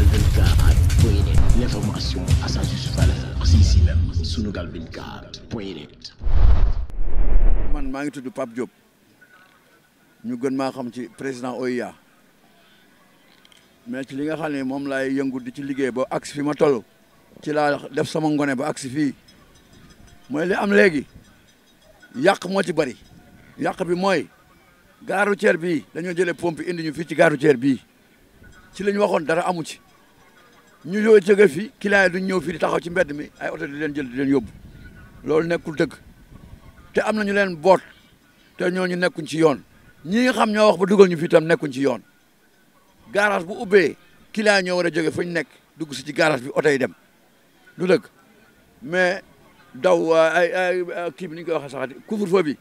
Sunugal 24 point net l'information à sa juste man maa ngi tudd Pape Diop ñu gën maa xam ci président OIA mais ci li nga xam ne moom laay yëngu di ci liggéey ba agsi fi ma toll ci laa def sama ngone ba aksi fii mooy li am léegi yàq moo ci bari yàq bi mooy gare routière bii dañoo jële pompe indi ñu fii ci gare routière bii ci lañu waxoon dara amu ci ñu yoo jóge fi client du duñ ñëw fii di taxaw ci mbedd mi ay oto di leen jël di leen yóbbu loolu nekkul dëgg te am na ñu leen boot te ñu nekkuñ ci yoon ñi xam ñoo wax ba dugal ñu fi tam nekkuñ ci yoon garage bu ubbee client ñoo war a jóge fu ñu nekk dugg si ci garage bi oto yi dem du dëgg mais daw ay ay kii bi ni ñu koy waxee saxati couvre-feu bi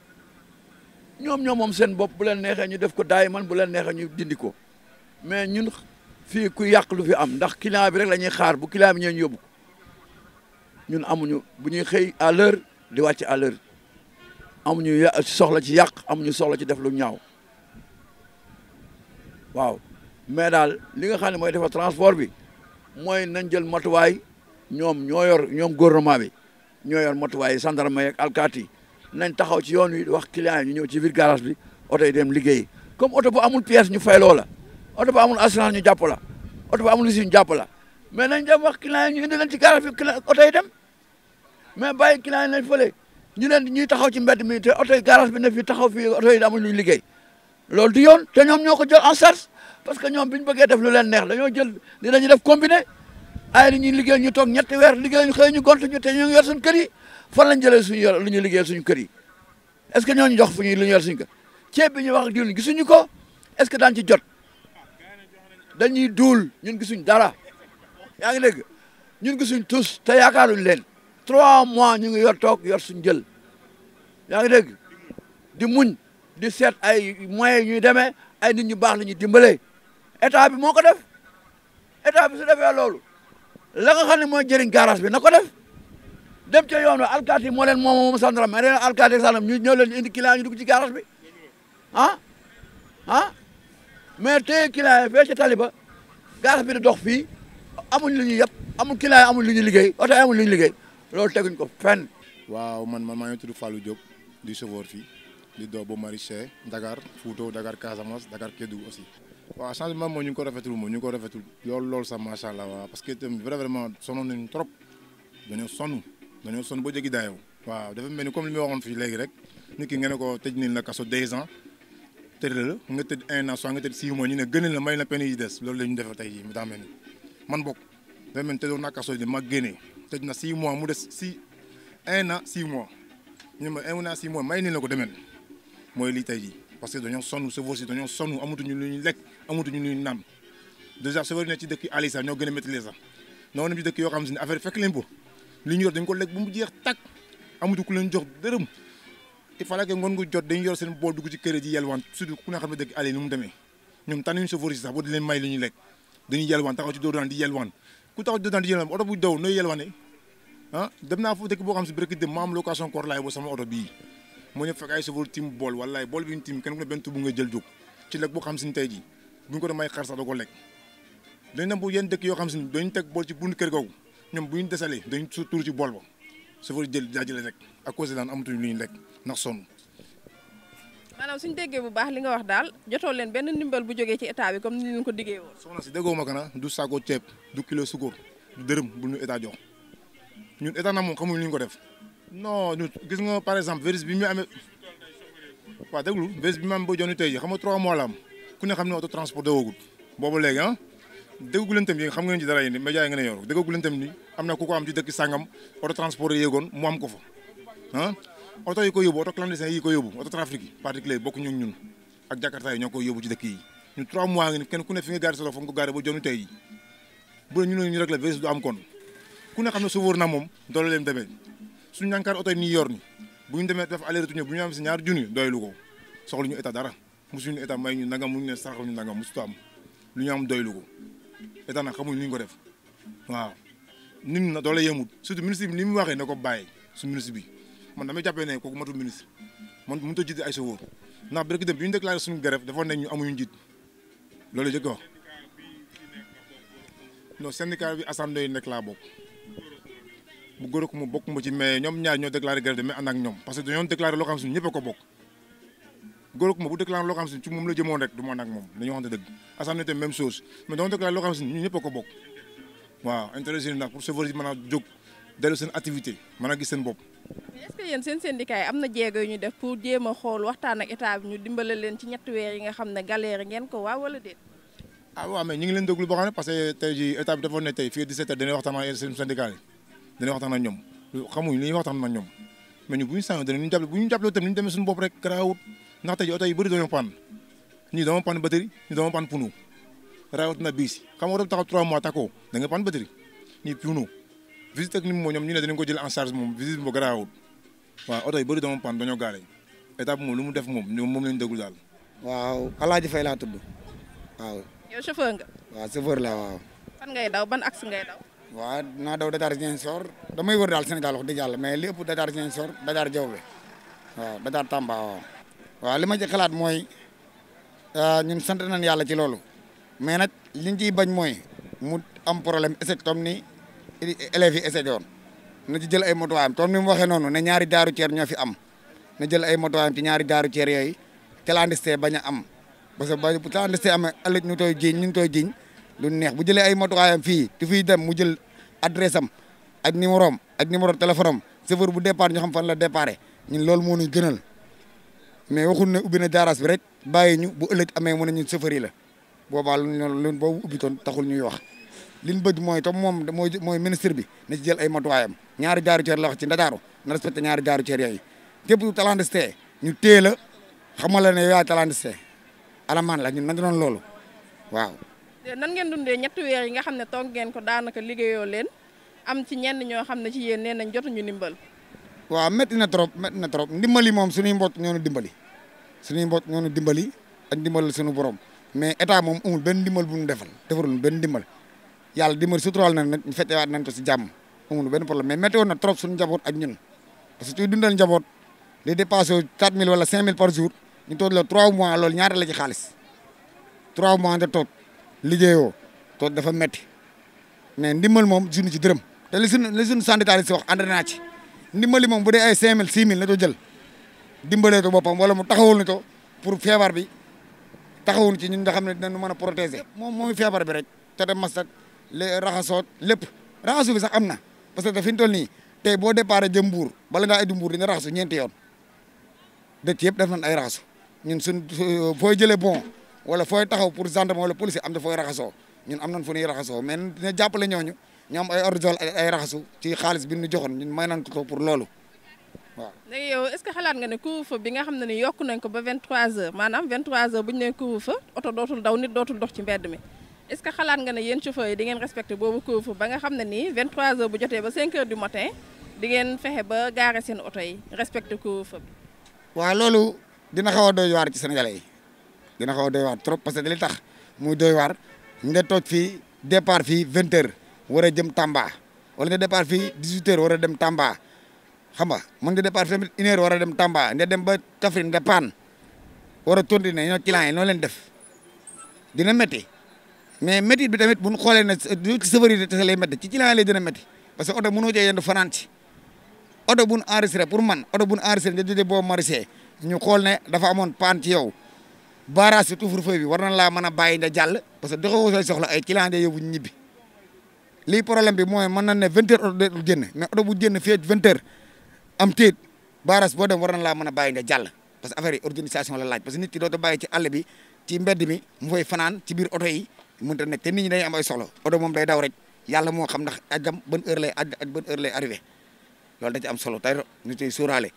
ñoom ñoom moom seen bopp bu leen neexee ñu def ko daay man bu leen neexee ñu dindi ko mais ñun fii ku yàq lu fi am ndax client bi rek lañuy xaar bu client bi ñeen yóbbu ñun amuñu bu ñuy xëy à l'heure di wàcc à l'heure amuñu soxla ci yàq amuñu soxla ci def lu ñaaw waaw mais daal li nga xam ne mooy defa transport bi mooy nañ jël matuwaay ñoom ñoo yor ñoom gouvernement bi ñoo yor matuwaay yi gendarme yeeg alkaati nañ taxaw ci yoon wi wax client yi ñu ñëw ci biir garage bi oto yi dem liggéey comme oto bu amul pièce ñu fay loola. oto ba amul assurance ñu jàpp la oto ba amul usine ñu jàpp la mais nañ dem wax client yi ñu indi leen ci garage bi oto yi dem mais bàyyi client yi nañ fële ñu leen ñuy taxaw ci mbedd mi te oto yi garage bi ne fii taxaw fii oto yi amul ñu liggéey loolu di yoon te ñoom ñoo ko jël en charge parce que ñoom bi bëggee def lu leen neex la ñoo jël li dañuy def combiné ay li ñuy liggéey ñu toog ñetti weer liggéey ñu xëy ñu gont ñu te ñu ngi yor suñu yi suñu yor lu ñuy liggéey suñu kër yi est ce que ñooñu jox fu ñu yor ceeb bi ñu wax diwlin gisuñu ko est ce que daan ci jot dañuy duul ñun suñ dara yaa ngi dégg ñun suñ tous te yaakaaruñ leen trois mois ñu ngi yor toog yor suñ jël yaa ngi dégg di muñ di seet ay moyens ñuy demee ay nit ñu baax la ñuy dimbalee état bi moo ko def état bi su defee loolu la nga xam ne mooy jëriñ garage bi na ko def dem ca yoon wa alkaati yi moo leen moom moom sandram mais leen alkaati ak sandram ñu ñëw leen indi client ñu dugg ci garage bi ah ah mais tey client fee ci taliba gaar bi di dox fii amuñ lu ñuy yëpp amul client amuñ lu ñuy liggéey oto amuñ lu ñuy liggéey loolu teguñ ko fenn. waaw man man maa ngi tudd falu Diop di chauffeur fii di doomu maraîcher Dakar Fouta Dakar Casamance Dakar Kédougou aussi. waaw changement moom ñu ko rafetul moom ñu ko rafetul loolu loolu sax macha allah waaw parce que itam vraiment sonoon nañu trop dañoo sonn dañoo sonn ba jéggi daayoo. waaw dafa mel ni comme li ma waxoon fii léegi rek nit ki ngeen ne ko tëj nañ la kaso deux tëdd la nga tëdd un an soit nga tëdd six mois ñu ne gënal la may la peine yi des loolu la ñu defal tey jii mu daa mel ni man bokk day mel na six mois mu des six un an six mois ñu ma un an may ni la ko demel mooy lii tey jii parce que dañoo sonn chauffeur si dañoo sonn amatuñu lu ñu lekk amatuñu lu ñu naan dèjà chauffeur yi ne ci dëkk Ali sax ñoo gën a métti sax noo na ci dëkk yoo xam ne affaire fekk leen ko li ñu yor dañ ko lek bu mu jeex tàkk amatu ku leen jox dërëm il fallait que ngoon gu jot dañu yor seen bool dugg ci kër ji yelwaan surtout ku ne xam dëkk àll yi ni ñoom tànnuñu chauffeur yi sax boo leen may lu lekk dañuy yelwaan taxaw ci dóor di yelwaan ku taxaw ci dóor di yelwaan oto bu daw nooy yelwaane ah, dem naa fu dëkk boo xam si bërki dem ma am location koor sama oto bii mu ne fekk ay chauffeur tim bool wallaay bool bi ñu tim kenn ku ne benn tubu nga jël jóg ci lekk boo xam si ne tey ji bu ñu ko doon dañ dem bu bu ñu desalee bool ba chauffeur jël jaajële rek à cause daan amatuñu lu ñu lekk ndax sonn. maanaam suñu déggee bu baax li nga wax daal jotoo leen benn ndimbal bu jógee ci état bi comme ni leen ko diggee woon. soxna si déggoo ma kana du saako ceeb du kilo sukkur du dërëm bu ñu état jox ñun état na moom xamuñu ñu ko def noo gis nga par exemple virus bi mu amee waa déglu virus bi mu amee ba joni tey jii xam nga trois mois am ku ne xam ne auto transport dawagul boobu léegi ah déggu leen tam yi xam nga ne ci dara yi ni média yi nga ne yor déggu leen tam ni am na ku ko am ci dëkk sàngam auto transport yéegoon mu ko fa ah. oto yi ko yóbbu oto clandestin yi ko yóbbu oto trafic yi yi bokku ñu ñun ak jakarta yi ñoo koy yóbbu ci dëkk yi ñu trois mois ngi kenn ku ne fi nga garé sa loxo nga ko garé ba jonu tey ji bu ñu ne ñu rek la virus du am kon ku ne xam ne sofóor na moom doole leen demee suñu ñànkaar oto yi nii yor ni bu ñu demee def aller bu ñu am si ñaar junni doylu ko soxla ñu état dara mosu ñu état may ñu nangam mu ñu ne saraxal ñu nangam mosu am lu ñu am doylu ko état nag xamuñ lu ñu ko def waaw nit ñi na doole yemut surtout ministre bi ni mu waxee na ko bàyyi su ministre bi man damay jàppee ne kooku matu ministre man mënut a ay sowoo ndax bi rek dem bi ñu déclaré suñu grève dafa ne ñu amuñu njiit loolu jëkk wax non syndicat bi assemblée yi laa bokk bu góor mu bokk ma ci mais ñoom ñaar ñoo déclaré grève de mais ñoom parce que dañoo déclaré loo xam si ñëpp a loo xam si ci moom la jëmoon rek du ma ànd ak moom dañoo xamante dëgg assemblée tamit même chose mais dañoo déclaré loo xam si ñun ñëpp a ko bokk waaw intéressé nag pour chauffeur yi mën seen activité mën a gis seen bopp est-ce que seen syndicat yi am na jéego yu ñu def pour jéem a xool waxtaan ak état ñu dimbale leen ci ñetti weer yi nga xam ne galère ngeen ko waaw wala déet. ah waaw mais ñu ngi leen déglu boo xam ne parce que tey jii état bi dafa ne tey fii 17 heures dañuy waxtaan ak seen syndicat ñoom xamuñ li ñuy waxtaan ak ñoom mais ñu bu ñu sañoon danañ ñu jàppale bu ñu jàppale tamit ñu demee suñu bopp rek garaawut ndax tey jii yi bëri dañoo panne ñii dama panne batterie ñii dama panne pneu raawut na biis xam nga taxaw 3 mois takkoo da nga panne batterie ñii visite ak ni mu ñu ne danañ ko jël en charge moom visite bi ba garaawul waaw oto yi bëri dama pan dañoo gaale état moom lu mu def moom ñoom moom lañ déglu daal. waaw Alaaji Fay laa tudd waaw. yow chauffeur nga. waaw chauffeur la waaw. ban axe ngay daw. waaw naa daw Dakar Ziguinchor damay wër daal Sénégal wax dëgg yàlla mais li ëpp Dakar Ziguinchor Dakar Diaobé waaw Dakar Tamba waaw. waaw li ma ci xalaat mooy euh, ñun sant nañ yàlla ci loolu mais nag li ciy bañ mooy mu am élèves yi essayé woon na jël ay motuwaayam toon ni mu waxee noonu ne ñaari daaru ceer ñoo fi am na jël ay motuwaayam ci ñaari daaru ceer yooyu clandestin bañ a am parce que bu clandestin amee ëllëg ñu tooy jiñ ñu tooy jiñ lu neex bu jëlee ay motuwaayam fii te fii dem mu jël adresse am ak numéro am ak numéro téléphone am chauffeur bu départ ñu xam fan la départ ñun loolu moo ñu gënal mais waxul ne ubbi na garage bi rek bàyyi ñu bu ëllëg amee mun ne ñun chauffeur yi la boobaa luñ loolu boobu ubbitoon taxul ñuy wax. li ñu bëgg mooy tam moom mooy mooy ministre bi na ci jël ay matuwaayam ñaari jaaru ceer la wax ci ndakaaru na respecté ñaari jaaru ceer yooyu képp ku talentiste ñu teel a la ne yow yaay talentiste alamaan la ñun nañu doon loolu waaw. nan ngeen dundee ñetti weer yi nga xam ne toog ngeen ko daanaka liggéeyoo leen am ci ñenn ñoo xam ne ci yéen nee nañ jotuñu ndimbal. waaw metti na trop métti na trop ndimbali moom suñuy mboot ñoo ñu dimbali suñuy mboot ñoo ñu dimbali ak ndimbalal suñu borom mais état moom amul benn ndimbal bu ñu defal defalul benn ndimbal yàlla dimbali suturaal na nañ fekkewaat nañ ko si jàmm amul benn problème mais métti woon na trop suñu njaboot ak ñun parce que suy dundal njaboot day dépassé 4000 wala 5000 par jour ñu toog la 3 mois loolu ñaata la ci xaalis 3 mois nga toog liggéeyoo toog dafa métti mais ndimbal moom suñu ci dërëm te li suñu li suñu sandital si wax ànd naa ci ndimbali moom bu dee ay 5000 6000 la ko jël dimbalee ko boppam wala mu taxawul ni ko pour feebar bi taxawul ci ñun nga xam ne dinañ mën a protéger moom feebar bi rek te raxasoo lépp raxasu bi sax am na parce que fi ñu toll nii tey boo départ jëm Mbuur bala ngaa indi Mbuur di nga raxasu ñeenti yoon dëkk yëpp def nañ ay raxasu ñun suñ euh, fooy jëlee bon wala fooy taxaw pour gendarme wala policier am na fooy raxasoo ñun am nañ fu ñuy raxasoo dina jàppale ñooñu ñu am ay ordre ay raxasu ci xaalis bi ñu joxoon ñun may nañ ko pour loolu waaw. léegi yow est-ce que xalaat nga ne couvre-feu bi nga xam ne ni yokk nañ ko ba 23h maanaam 23h bu ñu nee oto dootul daw nit dootul dox ci mbedd mi. est-ce que xalaat nga ne yéen chauffeur yi di ngeen respecté boobu couvre-feu ba nga xam ne nii 23h bu jotee ba 5h du matin di ngeen fexe ba gaare seen oto yi respecté couvre-feu waaw loolu dina xaw a doy waar ci Sénégalais yi dina xaw a doy waar trop parce que li tax muy doy waar nga toog fii départ fii 20h war a jëm Tamba wala nga départ fi 18h war a dem Tamba xam nga mën nga départ fii tamit une war a dem Tamba nga dem ba Kaffrine nga paan war a tontu ne yi noo leen def dina métti. mais métti bi tamit bu ñu xoolee ne ci sévérité te lay métti ci ci laa lay gën a métti parce que oto mënoo cee yendu fanaan ci oto bu ñu enregistré pour man oto bu ñu enregistré nga ñu xool ne dafa amoon paan ci yow barrage si couvre-feu bi laa mën a bàyyi nga jàll parce que doxewoo say soxla ay client day yóbbu ñibbi lii bi mooy mën na ne vingt heures oto bu génn fii vingt heures am téet barrage boo dem war na laa mën a bàyyi nga jàll parce que affaire yi organisation la laaj parce que nit ki dootu bàyyi ci àll bi ci mbedd mi mu fay fanaan ci biir oto yi mun a nekk te nit ñi dañuy am ay soxla oto moom day daw rek yàlla moo xam ndax ajam ban heure lay aj ak ban heure lay arrivé loolu da am solo tey ñu suuraale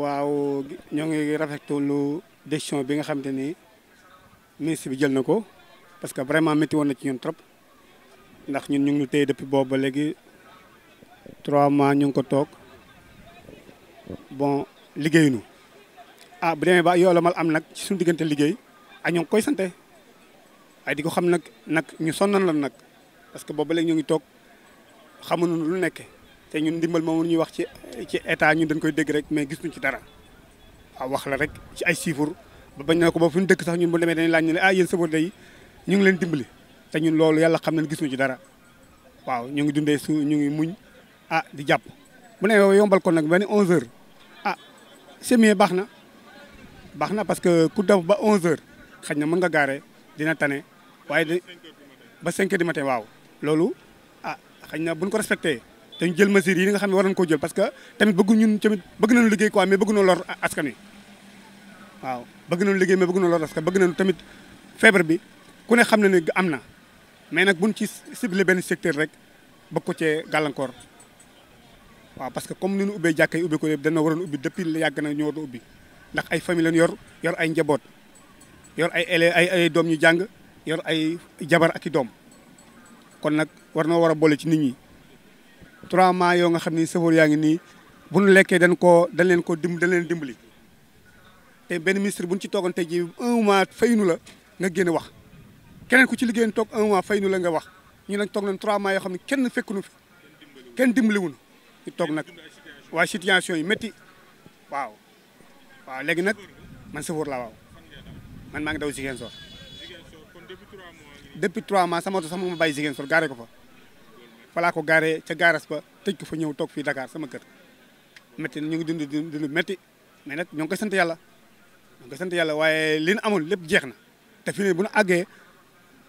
waaw ñoo ngi rafetlu lu décision bi nga xam te ni ministre bi jël na ko parce que vraiment métti woon na ci ñun trop ndax ñun ñu téye depuis boobu ba léegi trois mois ñu ngi ko toog bon liggéeyuñu ah bu demee ba yoola mal am nag ci diggante liggéey ak ñoo koy sante ay di ko xam nag nag ñu sonnoon la nag parce que boobu léegi ñu ngi toog xamuñu lu nekke te ñun dimbal moom ñuy wax ci ci état ñun dañ koy dégg rek mais gis gisuñu ci dara waaw wax la rek ci ay chiffres ba bañ na ko ba fu ñu dëkk sax ñun bu demee dañuy laaj ñu ne ah yéen sabode yi ñu ngi leen dimbali te ñun loolu yàlla xam gis gisuñu ci dara waaw ñu ngi dundee su ñu ngi muñ ah di jàpp bu ne yombal kon nag ba ne 11h ah c'est baax na baax na parce que ku def ba 11h xëy na mën nga gaare dina tane waaye de ba 5 di du matin waaw loolu a ah, xëy na bu ñu ko respecté te ñu jël mesures yi nga xam ne war nañ ko jël parce que tamit bëggu ñun tamit bëgg nañu liggéey ko mais bëgg na lor askan wi waaw bëgg nañu liggéey mais bëgg nañu lor askan bëgg nañu tamit feebar bi ku ne xam ne ne am na mais nag buñ ci ciblé benn secteur rek bëgg ko cee gàllankoor waaw parce que comme nu nu ubbee jàkka yi ubbi ko yëpp dana war waroon ubbi depuis yàgg na ñoo ubbi ndax ay famille lañ yor yor ay njaboot yor ay ay ay doom jàng yor ay jabar ak i doom kon nag war na war a boole ci nit ñi trois mois yoo nga xam ni sëfoor yaa ngi nii bu nu lekkee dañ koo dañ leen ko dimb dañ leen dimbali te benn ministre bu ñu ci toogoon tey ji un mois faynu la nga génn wax keneen ku ci liggéeyoon toog un mois faynu la nga wax ñu nag toog nañ trois yoo xam ne kenn fekkunu fi kenn dimbaliwunu ñu toog nag waaye situation yi métti waaw waaw nag man sëfoor laa waaw man maa ngi daw Ziguinchor depuis trois mois sama oto sax mu ma bàyyi jigéen sol gaare ko fa falaa ko gaare ca gaaras ba tëj ko fa ñëw toog fii dakaar sama kër métti ñu ngi dund dund métti mais nag ñoo ngi koy sant yàlla ñoo koy sant yàlla waaye li nu amoon lépp jeex na te fi ne bu nu àggee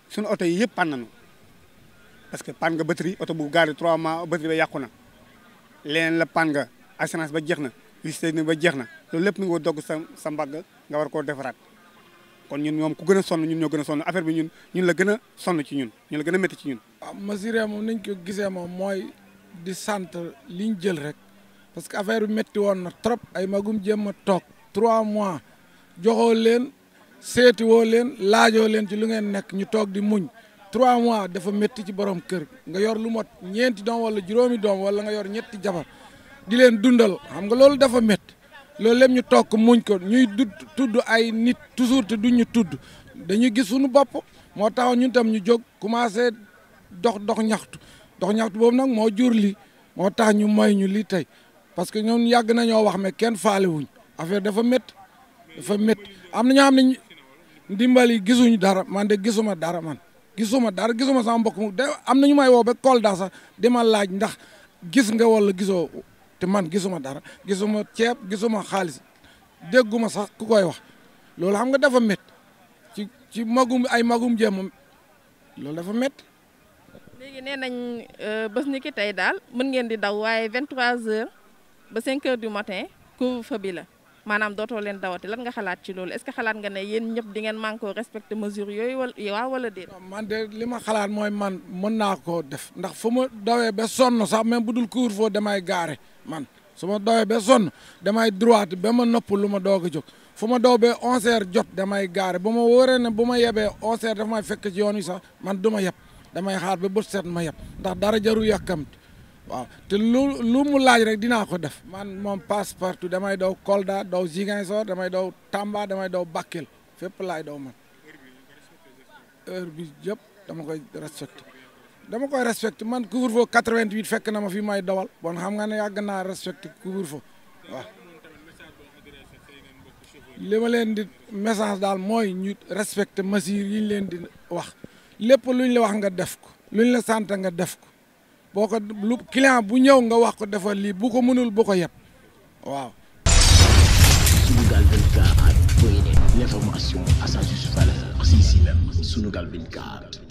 suñu oto yi yëpp pan nañu parce que pan nga batterie oto bu gaare trois mois batterie ba yàqu na leneen la pan nga assurance ba jeex na visite ba jeex na loolu lépp mi ngi dogg sa sa mbagg nga war koo defaraat kon ñun ñoom ku a sonn ñun ñoo gën a sonn affaire bi ñun ñun la gën a sonn ci ñun ñun la gën a métti ci ñun waaw Massiré moom nañ ko gisee moom mooy di sant liñ jël rek parce que affaire bi métti woon na trop ay magum jéem a toog trois mois joxoo leen seeti woo leen laajoo leen ci lu ngeen nekk ñu toog di muñ trois mois dafa métti ci borom kër nga yor lu mot ñeenti doom wala juróomi doom wala nga yor ñetti jabar di leen dundal xam nga loolu dafa mett loolu lépp ñu toog muñ ko ñuy du tudd ay nit toujours te duñu tudd dañuy gis suñu bopp moo taxoon ñun tam ñu jóg commencé dox dox ñaxtu dox ñaxtu boobu nag moo jur li moo tax ñu may ñu lii tey parce que ñoom yàgg nañoo wax mais kenn faale wuñ affaire dafa métti dafa métti am na ñoo xam ne ndimbal yi gisuñu dara man de gisuma dara man gisuma dara gisuma sama mbokk mu de am na ñu may woo ba Kolda sax di laaj ndax gis nga wala gisoo. te man gisuma dara gisuma ceeb gisuma xaalis dégguma sax ku koy wax loolu xam nga dafa métti ci ci magum ay magum jéem loolu dafa métti. léegi nee nañ euh, bés ni ki tey daal mën ngeen di daw waaye 23h ba 5 du matin couvre-feu maanaam dootoo leen dawati lan nga xalaat ci loolu est-ce que xalaat nga ne yéen ñëpp di ngeen man koo respecté mesure yooyu wala wala déet. man de li ma xalaat mooy man mën naa koo def ndax fu ma dawee ba sonn sax même bu dul couvre-feu damay gaare man su ma dawee ba sonn damay droite ba ma nopp lu ma doog a jóg fu ma daw ba 11h jot damay gaare bu ma wóoree ne bu ma yebee 11h daf may fekk ci yoon wi sax man du ma yeb damay xaar ba bët set ma yeb ndax dara jaru yàkkamti waaw te lu lu mu laaj rek dinaa ko def man moom passe partout damay daw Kolda daw Ziguinchor damay daw Tamba damay daw Bakel fépp laay daw man heure bi yëpp dama koy respecté dama koy respecté man couvre-feu 88 fekk na ma fi may dawal bon xam nga ne yàgg naa respecté couvre-feu waaw leen di message daal mooy ñu respecté mesures yi leen di wax lépp luñ la wax nga def ko luñ la sant nga def ko boo ko lu client bu ñëw nga wax ko defal lii bu ko mënul bu ko yeb waaw. Sunugal 24 point net l'information à sa juste valeur, c'est ici même Sunugal 24